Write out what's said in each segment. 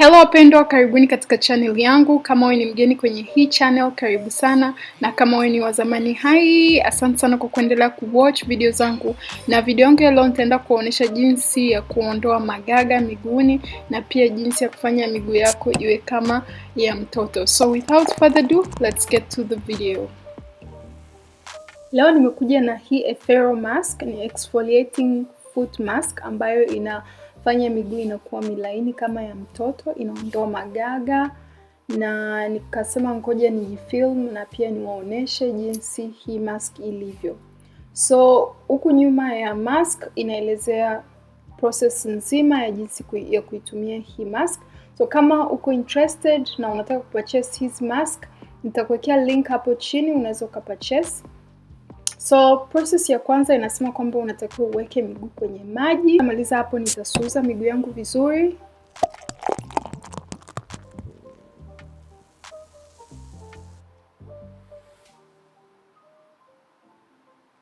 Hello wapendwa, karibuni katika channel yangu. Kama wewe ni mgeni kwenye hii channel, karibu sana, na kama wewe ni wa zamani hai, asante sana kwa kuendelea kuwatch video zangu. Na video yangu ya leo nitaenda kuonyesha jinsi ya kuondoa magaga miguuni na pia jinsi ya kufanya miguu yako iwe kama ya mtoto. So without further ado, let's get to the video. Leo nimekuja na hii ephero mask, ni exfoliating foot mask ambayo ina fanya miguu inakuwa milaini kama ya mtoto, inaondoa magaga na nikasema ngoja ni film na pia niwaoneshe jinsi hii mask ilivyo. So huku nyuma ya mask inaelezea process nzima ya jinsi kui, ya kuitumia hii mask. So kama uko interested na unataka kupurchase hizi mask, nitakuwekea link hapo chini, unaweza ukapurchase. So process ya kwanza inasema kwamba unatakiwa uweke miguu kwenye maji. Kamaliza hapo, nitasuuza miguu yangu vizuri.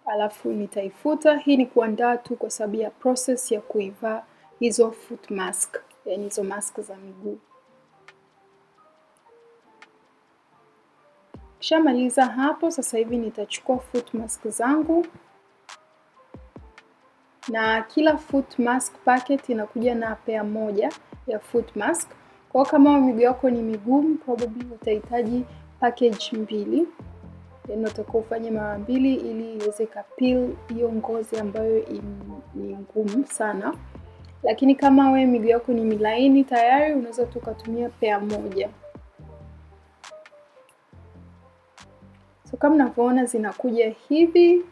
Alafu nitaifuta. Hii ni kuandaa tu kwa sababu ya process ya kuivaa hizo foot mask, yani hizo mask za miguu. Kishamaliza hapo, sasa hivi nitachukua foot mask zangu, na kila foot mask packet inakuja na pair moja ya foot mask. Kwa kama miguu yako ni migumu, probably utahitaji package mbili, yaani utakuwa ufanye mara mbili ili iweze kapil hiyo ngozi ambayo ni ngumu sana. Lakini kama we miguu yako ni milaini tayari, unaweza tu ukatumia pair moja. So kama mnavyoona zinakuja hivi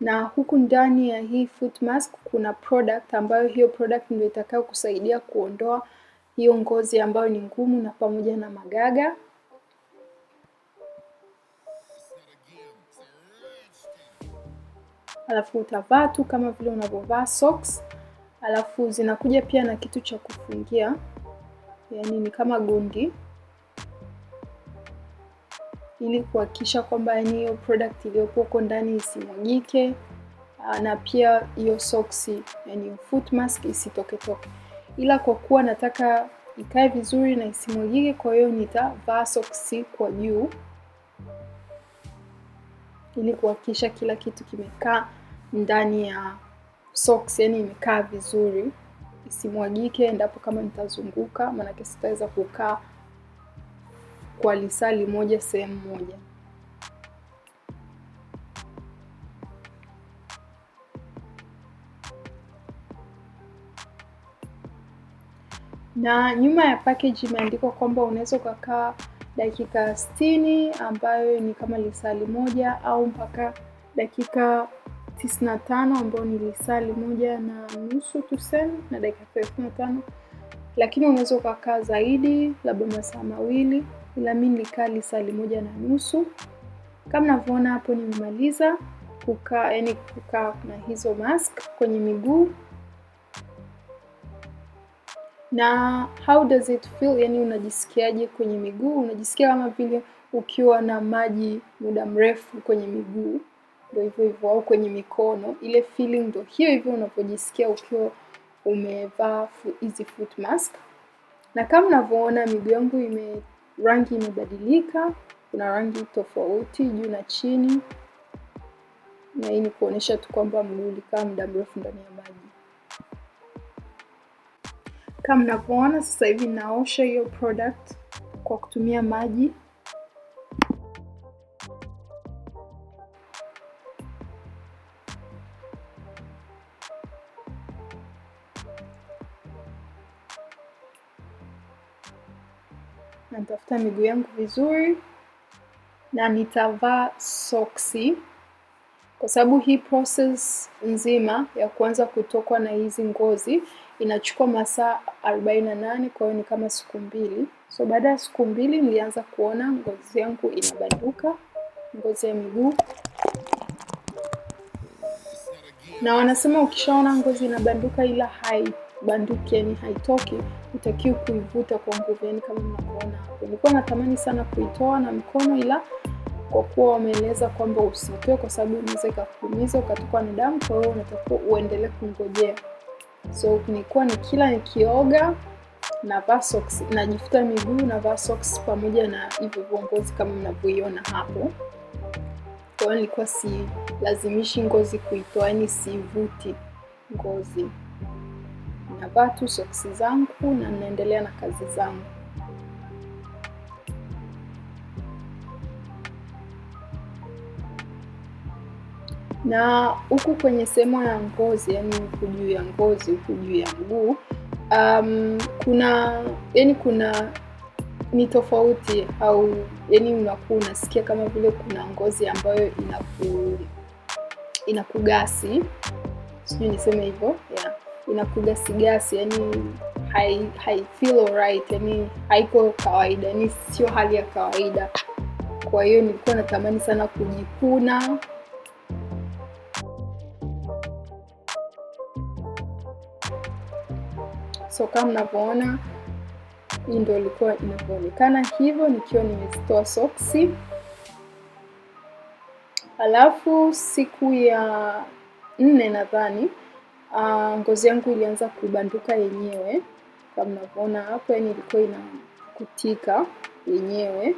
na huku ndani ya hii foot mask kuna product ambayo hiyo product ndio itakayo kusaidia kuondoa hiyo ngozi ambayo ni ngumu na pamoja na magaga. Alafu utavaa tu kama vile unavyovaa socks. Alafu zinakuja pia na kitu cha kufungia, yaani ni kama gundi ili kuhakikisha kwamba yani hiyo product iliyopo huko ndani isimwagike, ah, na pia hiyo soksi, yani foot mask isitoketoke, ila kwa kuwa nataka ikae vizuri na isimwagike, kwa hiyo nitavaa soksi kwa juu ili kuhakikisha kila kitu kimekaa ndani ya socks, yani imekaa vizuri isimwagike endapo kama nitazunguka, maanake sitaweza kukaa kwa lisali moja sehemu moja. Na nyuma ya package imeandikwa kwamba unaweza ukakaa dakika 60 ambayo ni kama lisali moja au mpaka dakika 95 ambayo ni lisali moja na nusu tuseme, na dakika 35, lakini unaweza ukakaa zaidi, labda masaa mawili ila mi nilikaa sali moja na nusu. Kama unavyoona hapo, nimemaliza kukaa, yani kukaa na hizo mask kwenye miguu. Na how does it feel, yani unajisikiaje kwenye miguu? Unajisikia kama vile ukiwa na maji muda mrefu kwenye miguu, ndio hivyo hivyo, au kwenye mikono. Ile feeling ndio hiyo hivyo unapojisikia ukiwa umevaa hizi foot mask. Na kama unavyoona miguu yangu ime rangi imebadilika, kuna rangi tofauti juu na chini, na hii ni kuonyesha tu kwamba mguu ulikaa muda mrefu ndani ya maji. Kama mnavyoona sasa hivi naosha hiyo product kwa kutumia maji natafuta miguu yangu vizuri na nitavaa soksi kwa sababu hii process nzima ya kuanza kutokwa na hizi ngozi inachukua masaa arobaini na nane kwa hiyo ni kama siku mbili. So baada ya siku mbili nilianza kuona ngozi yangu inabanduka, ngozi ya miguu. Na wanasema ukishaona ngozi inabanduka ila hai banduki, yani haitoki, utakiwa kuivuta kwa nguvu, yani kama mnaona hapo. Nilikuwa natamani sana kuitoa na mkono, ila kwa kuwa wameeleza kwamba usitoe kwa sababu unaweza ikakuumiza ukatokwa na damu, kwa hiyo unatakiwa uendelee kungojea. So nilikuwa ni kila nikioga navaa socks, najifuta miguu, navaa socks pamoja na hivyo viongozi kama mnavyoiona hapo. Kwa hiyo nilikuwa silazimishi ngozi kuitoa, yani sivuti ngozi navaa tu soksi zangu na naendelea na kazi zangu. Na huku kwenye sehemu ya ngozi, yani huku juu ya ngozi, huku juu ya mguu um, kuna yani kuna ni tofauti au yani unakuwa unasikia kama vile kuna ngozi ambayo inaku inakugasi, sijui niseme hivyo yeah inakuja sigasi, yani hai, hai feel alright, yani haiko kawaida, yani sio hali ya kawaida. Kwa hiyo nilikuwa natamani sana kujikuna So kama mnavyoona, hii ndo ilikuwa inavyoonekana hivyo, nikiwa nimezitoa soksi. Alafu siku ya nne nadhani Uh, ngozi yangu ilianza kubanduka yenyewe kama mnavyoona hapo, yani ilikuwa inakutika yenyewe,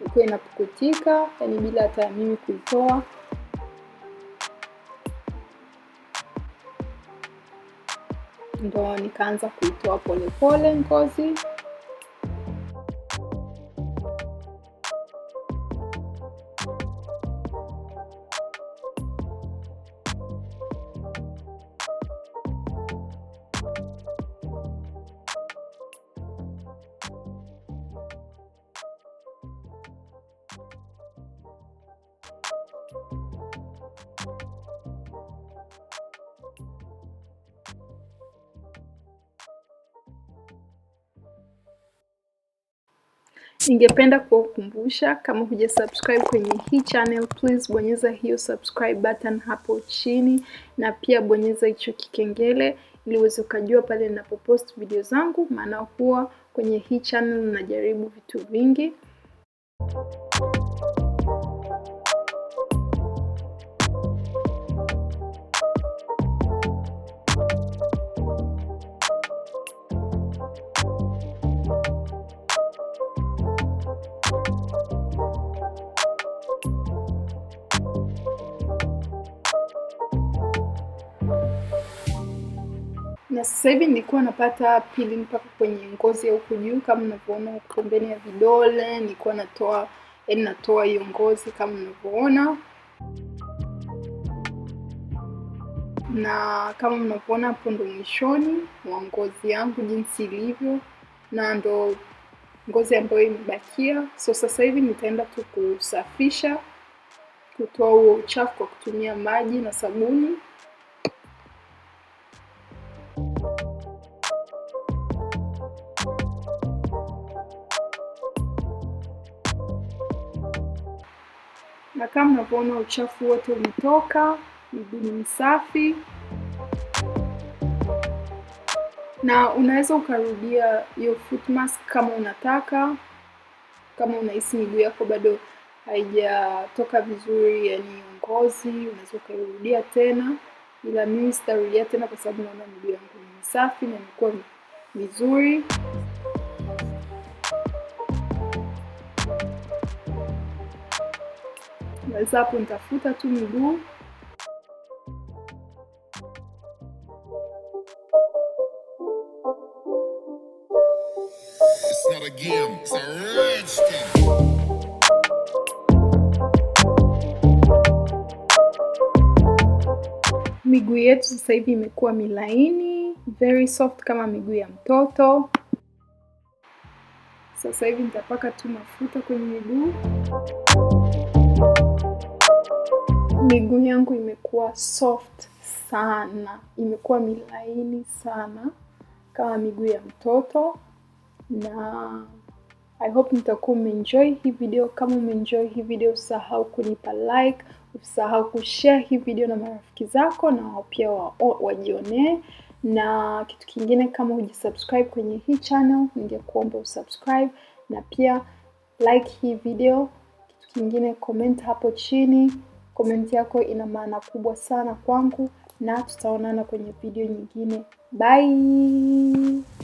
ilikuwa inapukutika yani bila hata mimi kuitoa. Ndo nikaanza kuitoa polepole ngozi Ningependa kuwakumbusha kama huja subscribe kwenye hii channel please bonyeza hiyo subscribe button hapo chini na pia bonyeza hicho kikengele ili uweze ukajua pale ninapopost video zangu, maana huwa kwenye hii channel najaribu vitu vingi. na sasa hivi nilikuwa napata pili mpaka kwenye ngozi ya huku juu, kama mnavyoona pembeni ya vidole, nilikuwa natoa yani natoa hiyo ngozi kama mnavyoona, na kama mnavyoona hapo ndo mwishoni wa ngozi yangu jinsi ilivyo, na ndo ngozi ambayo imebakia. So sasa hivi nitaenda tu kusafisha, kutoa huo uchafu kwa kutumia maji na sabuni. na kama mnavyoona uchafu wote umetoka, mguu ni msafi, na unaweza ukarudia hiyo foot mask kama unataka, kama unahisi miguu yako bado haijatoka vizuri, yani ngozi, unaweza ukairudia tena, ila mimi sitarudia tena kwa sababu naona miguu yangu ni safi na imekuwa vizuri. naweza hapo nitafuta tu miguu miguu yetu sasa hivi imekuwa milaini, very soft kama miguu ya mtoto. Sasa hivi nitapaka tu mafuta kwenye miguu miguu yangu imekuwa soft sana, imekuwa milaini sana kama miguu ya mtoto, na I hope mtakuwa umeenjoy hii video. Kama umeenjoy hii video, usahau kunipa like, usahau kushare hii video na marafiki zako, na wao pia wajionee na kitu kingine, kama hujisubscribe kwenye hii channel, ningekuomba usubscribe na pia like hii video. Kitu kingine, comment hapo chini Komenti yako ina maana kubwa sana kwangu na tutaonana kwenye video nyingine. Bye.